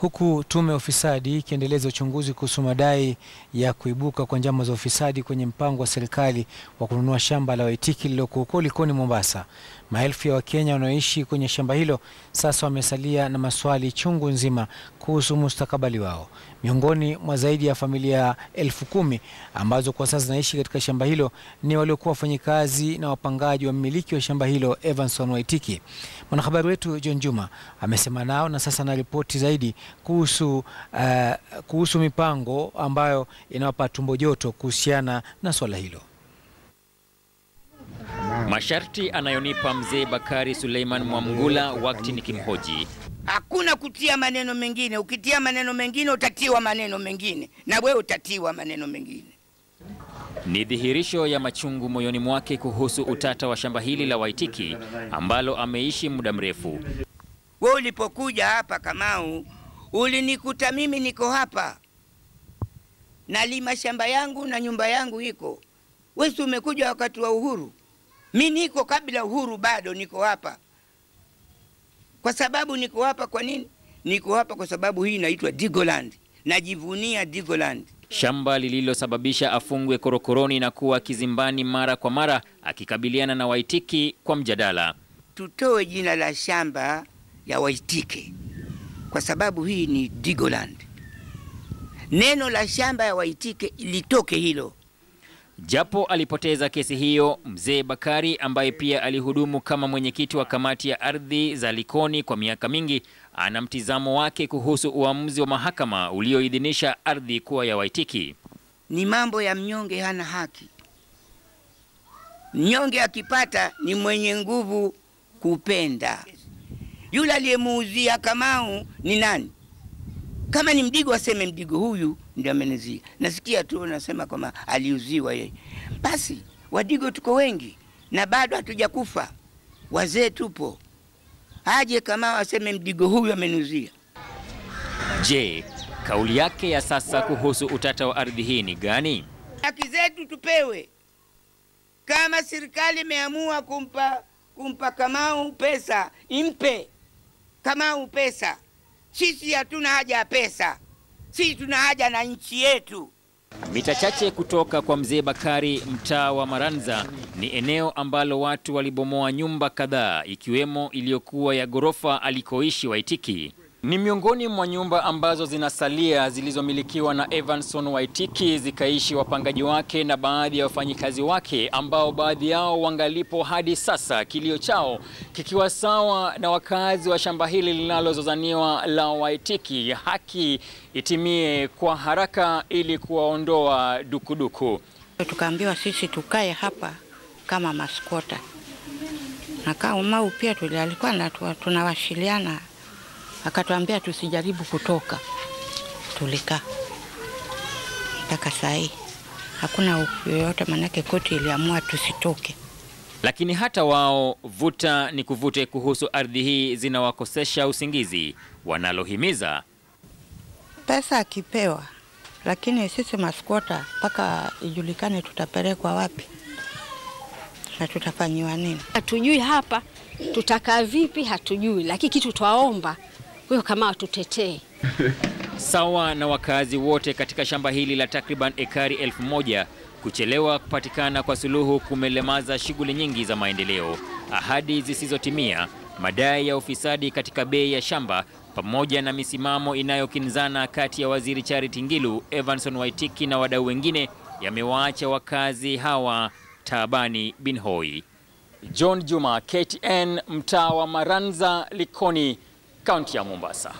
huku tume ya ufisadi ikiendeleza uchunguzi kuhusu madai ya kuibuka kwa njama za ufisadi kwenye mpango wa serikali wa kununua shamba la Waitiki lililoko huko Likoni, Mombasa. Maelfu ya Wakenya wanaoishi kwenye shamba hilo sasa wamesalia na maswali chungu nzima kuhusu mustakabali wao. Miongoni mwa zaidi ya familia elfu kumi ambazo kwa sasa zinaishi katika shamba hilo ni waliokuwa wafanyikazi na wapangaji wa mmiliki wa shamba hilo Evanson Waitiki. Mwanahabari wetu John Juma amesema nao na sasa anaripoti zaidi kuhusu, uh, kuhusu mipango ambayo inawapa tumbo joto kuhusiana na swala hilo. Masharti anayonipa mzee Bakari Suleiman Mwamgula wakati nikimhoji, hakuna kutia maneno mengine. Ukitia maneno mengine utatiwa maneno mengine, na wewe utatiwa maneno mengine. Ni dhihirisho ya machungu moyoni mwake kuhusu utata wa shamba hili la Waitiki ambalo ameishi muda mrefu. Wewe ulipokuja hapa Kamau Ulinikuta mimi niko hapa nalima shamba yangu na nyumba yangu iko. Wewe umekuja wakati wa uhuru, mi niko kabla uhuru, bado niko hapa. Kwa sababu niko hapa, kwa nini niko hapa? Kwa sababu hii inaitwa Digoland, najivunia Digoland. Shamba lililosababisha afungwe korokoroni na kuwa kizimbani mara kwa mara, akikabiliana na Waitiki kwa mjadala. Tutoe jina la shamba ya Waitiki kwa sababu hii ni Digoland. Neno la shamba ya Waitike litoke hilo. Japo alipoteza kesi hiyo, mzee Bakari ambaye pia alihudumu kama mwenyekiti wa kamati ya ardhi za Likoni kwa miaka mingi, ana mtizamo wake kuhusu uamuzi wa mahakama ulioidhinisha ardhi kuwa ya Waitiki. Ni mambo ya mnyonge, hana haki. Mnyonge akipata ni mwenye nguvu kupenda yule aliyemuuzia Kamau ni nani? Kama ni Mdigo aseme Mdigo huyu ndio amenizia. Nasikia tu unasema kwamba aliuziwa yeye. Basi Wadigo tuko wengi na bado hatujakufa, wazee tupo. Aje Kamau aseme Mdigo huyu amenuzia. Je, kauli yake ya sasa kuhusu utata wa ardhi hii ni gani? Haki zetu tupewe. Kama serikali imeamua kumpa kumpa Kamau pesa impe. Kamau, pesa sisi hatuna haja ya pesa, sisi tuna haja na nchi yetu. Mita chache kutoka kwa mzee Bakari, mtaa wa Maranza ni eneo ambalo watu walibomoa nyumba kadhaa, ikiwemo iliyokuwa ya ghorofa alikoishi Waitiki. Ni miongoni mwa nyumba ambazo zinasalia zilizomilikiwa na Evanson Waitiki zikaishi wapangaji wake na baadhi ya wafanyikazi wake ambao baadhi yao wangalipo hadi sasa, kilio chao kikiwa sawa na wakazi wa shamba hili linalozozaniwa la Waitiki, haki itimie kwa haraka ili kuwaondoa dukuduku. Tukaambiwa sisi tukae hapa kama maskota na kama pia tulikuwa tunawashiliana akatuambia tusijaribu kutoka. Tulikaa mpaka saa hii hakuna yoyote, manake koti iliamua tusitoke. Lakini hata wao vuta ni kuvute kuhusu ardhi hii zinawakosesha usingizi, wanalohimiza pesa akipewa, lakini sisi maskota mpaka ijulikane tutapelekwa wapi na tutafanyiwa nini. Hatujui hapa tutakaa vipi, hatujui, lakini kitu twaomba huyo kama atutetee. Sawa na wakazi wote katika shamba hili la takriban ekari elfu moja, kuchelewa kupatikana kwa suluhu kumelemaza shughuli nyingi za maendeleo, ahadi zisizotimia, madai ya ufisadi katika bei ya shamba pamoja na misimamo inayokinzana kati ya waziri Charity Ngilu, Evanson Waitiki na wadau wengine yamewaacha wakazi hawa taabani bin hoi. John Juma, KTN, mtaa wa Maranza, Likoni. kaunti ya Mombasa.